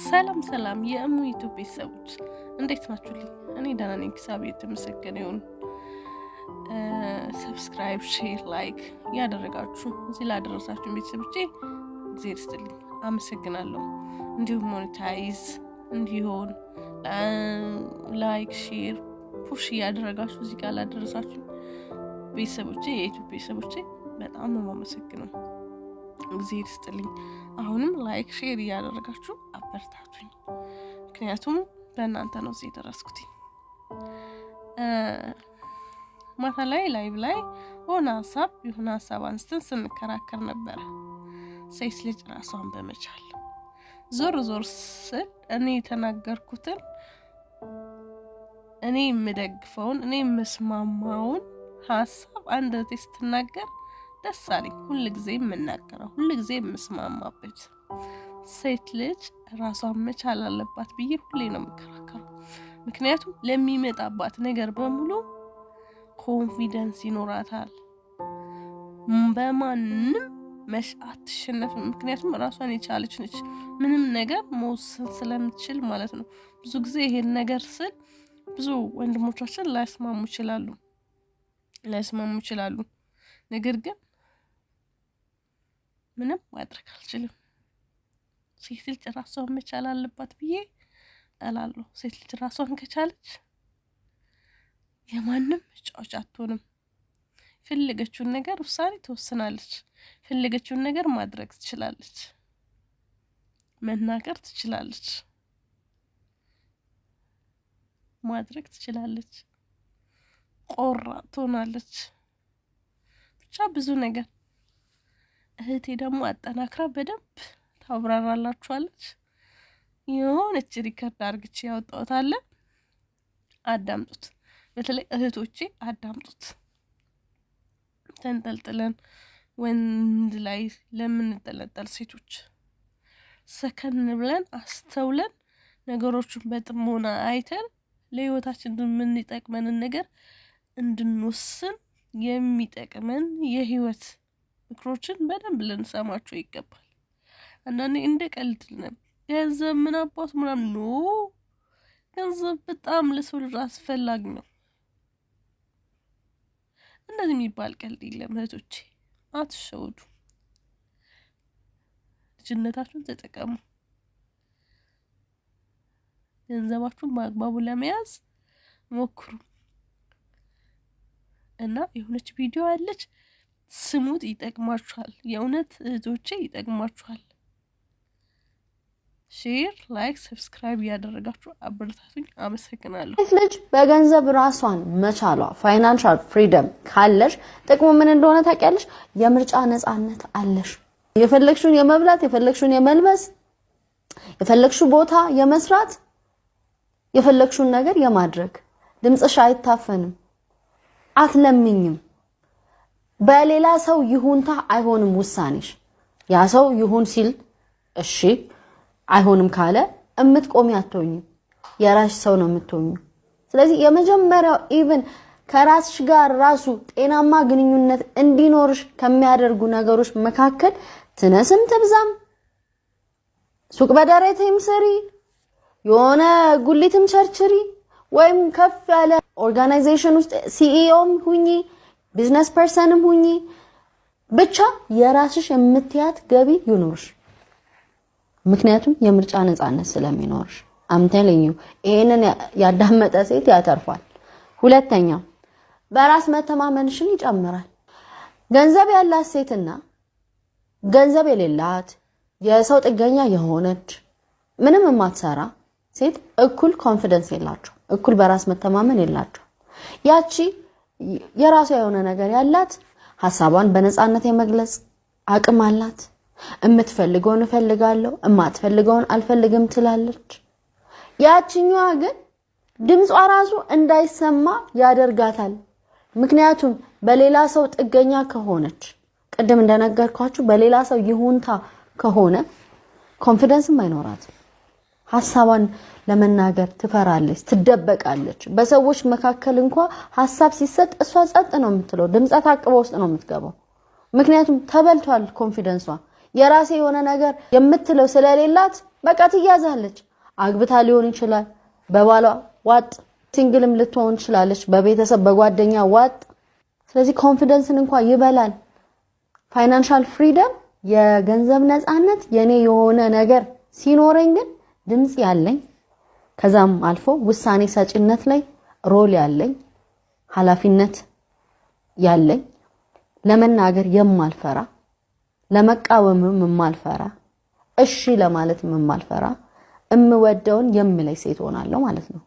ሰላም ሰላም የእሙ ዩቱብ ቤተሰቦች እንዴት ናችሁልኝ? እኔ ደህና ነኝ፣ እግዚአብሔር የተመሰገነ ይሁን። ሰብስክራይብ፣ ሼር፣ ላይክ እያደረጋችሁ እዚህ ላደረሳችሁ ቤተሰቦቼ እግዜር ይስጥልኝ፣ አመሰግናለሁ። እንዲሁም ሞኔታይዝ እንዲሆን ላይክ፣ ሼር፣ ፑሽ እያደረጋችሁ እዚህ ጋር ላደረሳችሁ ቤተሰቦቼ የዩቱብ ቤተሰቦቼ በጣም ነው የማመሰግነው፣ እግዜር ይስጥልኝ። አሁንም ላይክ ሼር እያደረጋችሁ አበርታቱኝ። ምክንያቱም በእናንተ ነው እዚህ የደረስኩት። ማታ ላይ ላይቭ ላይ ሆነ ሀሳብ የሆነ ሀሳብ አንስተን ስንከራከር ነበረ። ሴት ልጅ ራሷን በመቻል ዞር ዞር ስል እኔ የተናገርኩትን እኔ የምደግፈውን እኔ የምስማማውን ሀሳብ አንድ እህቴ ስትናገር ደስ አለኝ። ጊዜ የምናገረው ጊዜ የምስማማበት ሴት ልጅ ራሷን መቻል አለባት ብዬ ሁሌ ነው የምከራከረው። ምክንያቱም ለሚመጣባት ነገር በሙሉ ኮንፊደንስ ይኖራታል። በማንም መሽ አትሸነፍም። ምክንያቱም ራሷን የቻለች ነች፣ ምንም ነገር መውሰን ስለምትችል ማለት ነው። ብዙ ጊዜ ይሄን ነገር ስል ብዙ ወንድሞቻችን ላይስማሙ ይችላሉ ላይስማሙ ይችላሉ። ነገር ግን ምንም ማድረግ አልችልም ሴት ልጅ ራሷን መቻል አለባት ብዬ እላለሁ። ሴት ልጅ ራሷን ከቻለች የማንም መጫወቻ አትሆንም። ፈለገችውን ነገር ውሳኔ ትወስናለች። ፈለገችውን ነገር ማድረግ ትችላለች። መናገር ትችላለች። ማድረግ ትችላለች። ቆራ ትሆናለች። ብቻ ብዙ ነገር እህቴ ደግሞ አጠናክራ በደንብ ታብራራላችኋለች። የሆነች ሪከርድ አርግቼ ያወጣሁት አለ። አዳምጡት። በተለይ እህቶቼ አዳምጡት። ተንጠልጥለን ወንድ ላይ ለምንጠለጠል ሴቶች ሰከን ብለን አስተውለን ነገሮችን በጥሞና አይተን ለህይወታችን የምንጠቅመንን ነገር እንድንወስን የሚጠቅመን የህይወት ምክሮችን በደንብ ልንሰማቸው ይገባል። አንዳንዴ እንደ ቀልድ ነው ገንዘብ ምን አባቱ ምናምን ኖ ገንዘብ በጣም ለሰው ልጅ አስፈላጊ ነው። እንደዚህ የሚባል ቀልድ የለም እህቶቼ፣ አትሸወዱ። ልጅነታችሁን ተጠቀሙ። ገንዘባችሁን በአግባቡ ለመያዝ ሞክሩ እና የሆነች ቪዲዮ አለች ስሙት፣ ይጠቅማችኋል። የእውነት እህቶቼ ይጠቅማችኋል። ሼር፣ ላይክ፣ ሰብስክራይብ እያደረጋችሁ አበረታቱኝ። አመሰግናለሁ። ሴት ልጅ በገንዘብ ራሷን መቻሏ ፋይናንሻል ፍሪደም ካለሽ ጥቅሙ ምን እንደሆነ ታውቂያለሽ? የምርጫ ነፃነት አለሽ። የፈለግሽውን የመብላት፣ የፈለግሽውን የመልበስ፣ የፈለግሽው ቦታ የመስራት፣ የፈለግሽውን ነገር የማድረግ ድምፅሽ አይታፈንም፣ አትለምኝም። በሌላ ሰው ይሁንታ አይሆንም ውሳኔሽ። ያ ሰው ይሁን ሲል እሺ አይሆንም ካለ እምትቆሚ አትሆኝ፣ የራስሽ ሰው ነው የምትሆኝ። ስለዚህ የመጀመሪያው ኢቭን ከራስሽ ጋር ራሱ ጤናማ ግንኙነት እንዲኖርሽ ከሚያደርጉ ነገሮች መካከል ትነስም ትብዛም ሱቅ በደረቴም ስሪ፣ የሆነ ጉሊትም ቸርችሪ፣ ወይም ከፍ ያለ ኦርጋናይዜሽን ውስጥ ሲኢኦም ሁኚ፣ ቢዝነስ ፐርሰንም ሁኚ፣ ብቻ የራስሽ የምትያት ገቢ ይኖርሽ። ምክንያቱም የምርጫ ነፃነት ስለሚኖር አምተልኝ ይህንን ያዳመጠ ሴት ያተርፏል። ሁለተኛ በራስ መተማመንሽን ይጨምራል። ገንዘብ ያላት ሴትና ገንዘብ የሌላት የሰው ጥገኛ የሆነች ምንም የማትሰራ ሴት እኩል ኮንፊደንስ የላቸው፣ እኩል በራስ መተማመን የላቸው። ያቺ የራሷ የሆነ ነገር ያላት ሀሳቧን በነፃነት የመግለጽ አቅም አላት። እምትፈልገውን እፈልጋለሁ እማትፈልገውን አልፈልግም ትላለች። ያችኛዋ ግን ድምጿ ራሱ እንዳይሰማ ያደርጋታል። ምክንያቱም በሌላ ሰው ጥገኛ ከሆነች ቅድም እንደነገርኳችሁ በሌላ ሰው ይሁንታ ከሆነ ኮንፊደንስም አይኖራትም። ሀሳቧን ለመናገር ትፈራለች፣ ትደበቃለች። በሰዎች መካከል እንኳ ሀሳብ ሲሰጥ እሷ ጸጥ ነው የምትለው፣ ድምፀ ታቅቦ ውስጥ ነው የምትገባው። ምክንያቱም ተበልቷል ኮንፊደንሷ። የራሴ የሆነ ነገር የምትለው ስለሌላት በቃ ትያዛለች። አግብታ ሊሆን ይችላል በባሏ ዋጥ፣ ሲንግልም ልትሆን ትችላለች፣ በቤተሰብ በጓደኛ ዋጥ። ስለዚህ ኮንፊደንስን እንኳ ይበላል። ፋይናንሻል ፍሪደም የገንዘብ ነፃነት የኔ የሆነ ነገር ሲኖረኝ ግን ድምፅ ያለኝ ከዛም አልፎ ውሳኔ ሰጭነት ላይ ሮል ያለኝ ኃላፊነት ያለኝ ለመናገር የማልፈራ ለመቃወምም የማልፈራ እሺ ለማለት የማልፈራ እምወደውን የምለይ ሴት ሆናለሁ ማለት ነው።